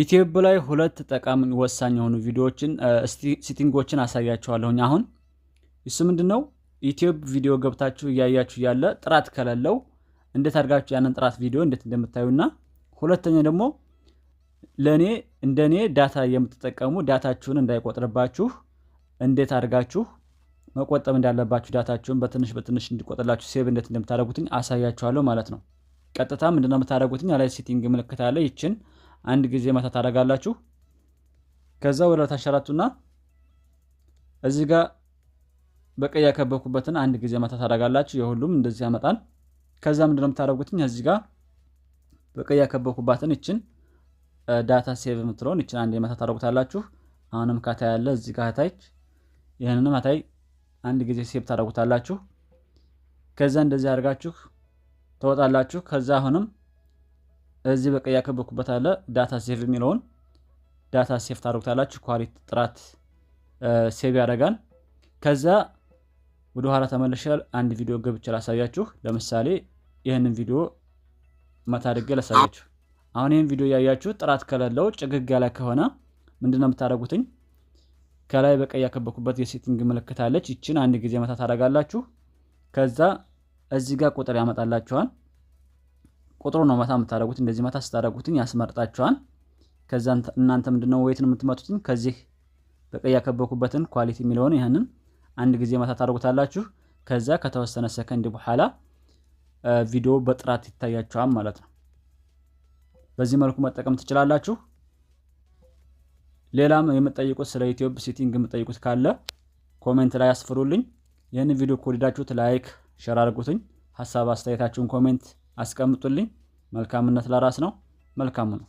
ዩቲዩብ ላይ ሁለት ጠቃሚ ወሳኝ የሆኑ ቪዲዮዎችን ሲቲንጎችን አሳያችኋለሁኝ። አሁን እሱ ምንድን ነው? ዩቲዩብ ቪዲዮ ገብታችሁ እያያችሁ ያለ ጥራት ከሌለው እንዴት አድርጋችሁ ያንን ጥራት ቪዲዮ እንዴት እንደምታዩና ሁለተኛ ደግሞ ለእኔ እንደኔ ዳታ የምትጠቀሙ ዳታችሁን እንዳይቆጥርባችሁ እንዴት አድርጋችሁ መቆጠብ እንዳለባችሁ ዳታችሁን በትንሽ በትንሽ እንዲቆጥርላችሁ ሴብ እንዴት እንደምታደርጉትኝ አሳያችኋለሁ ማለት ነው። ቀጥታ ምንድነው የምታደርጉትኝ? ላይ ሴቲንግ ምልክት አለ። ይችን አንድ ጊዜ መታ ታደርጋላችሁ። ከዛ ወደ ታሸራቱና እዚህ ጋር በቀይ ያከበኩበትን አንድ ጊዜ መታ ታደርጋላችሁ። የሁሉም እንደዚህ ያመጣል። ከዛ ምንድነው የምታደርጉትኝ እዚህ ጋር በቀይ ያከበኩበትን ይችን ዳታ ሴቭ የምትለውን ይችን አንድ መታ ታደርጉታላችሁ። አሁንም ካታይ ያለ እዚህ ጋር ታች ይህንንም አታይ አንድ ጊዜ ሴቭ ታደርጉታላችሁ። ከዛ እንደዚህ አድርጋችሁ ትወጣላችሁ። ከዛ አሁንም እዚህ በቃ ያከበኩበት አለ ዳታ ሴቭ የሚለውን ዳታ ሴቭ ታደርጉታላችሁ። ኳሊቲ ጥራት ሴቭ ያደርጋል። ከዛ ወደ ኋላ ተመለሻል። አንድ ቪዲዮ ገብቼ ላሳያችሁ። ለምሳሌ ይህንን ቪዲዮ መታደገ ላሳያችሁ። አሁን ይህን ቪዲዮ ያያችሁ ጥራት ከሌለው ጭግግ ያለ ከሆነ ምንድነው የምታደርጉትኝ? ከላይ በቀይ ያከበኩበት የሴቲንግ ምልክት አለች። ይችን አንድ ጊዜ መታ ታደርጋላችሁ። ከዛ እዚህ ጋር ቁጥር ያመጣላችኋል። ቁጥሩ ነው መታ የምታደርጉት። እንደዚህ መታ ስታደርጉትኝ ያስመርጣችኋል። ከዛ እናንተ ምንድነው ወይትን የምትመቱትኝ ከዚህ በቀይ ያከበኩበትን ኳሊቲ የሚለውን ይህንን አንድ ጊዜ መታ ታደርጉታላችሁ። ከዛ ከተወሰነ ሰከንድ በኋላ ቪዲዮ በጥራት ይታያችኋል ማለት ነው። በዚህ መልኩ መጠቀም ትችላላችሁ። ሌላም የምትጠይቁት ስለ ዩቲዩብ ሴቲንግ የምትጠይቁት ካለ ኮሜንት ላይ አስፍሩልኝ። ይህንን ቪዲዮ ከወደዳችሁት ላይክ፣ ሼር አድርጉትኝ። ሀሳብ አስተያየታችሁን ኮሜንት አስቀምጡልኝ። መልካምነት ለራስ ነው። መልካሙ ነው።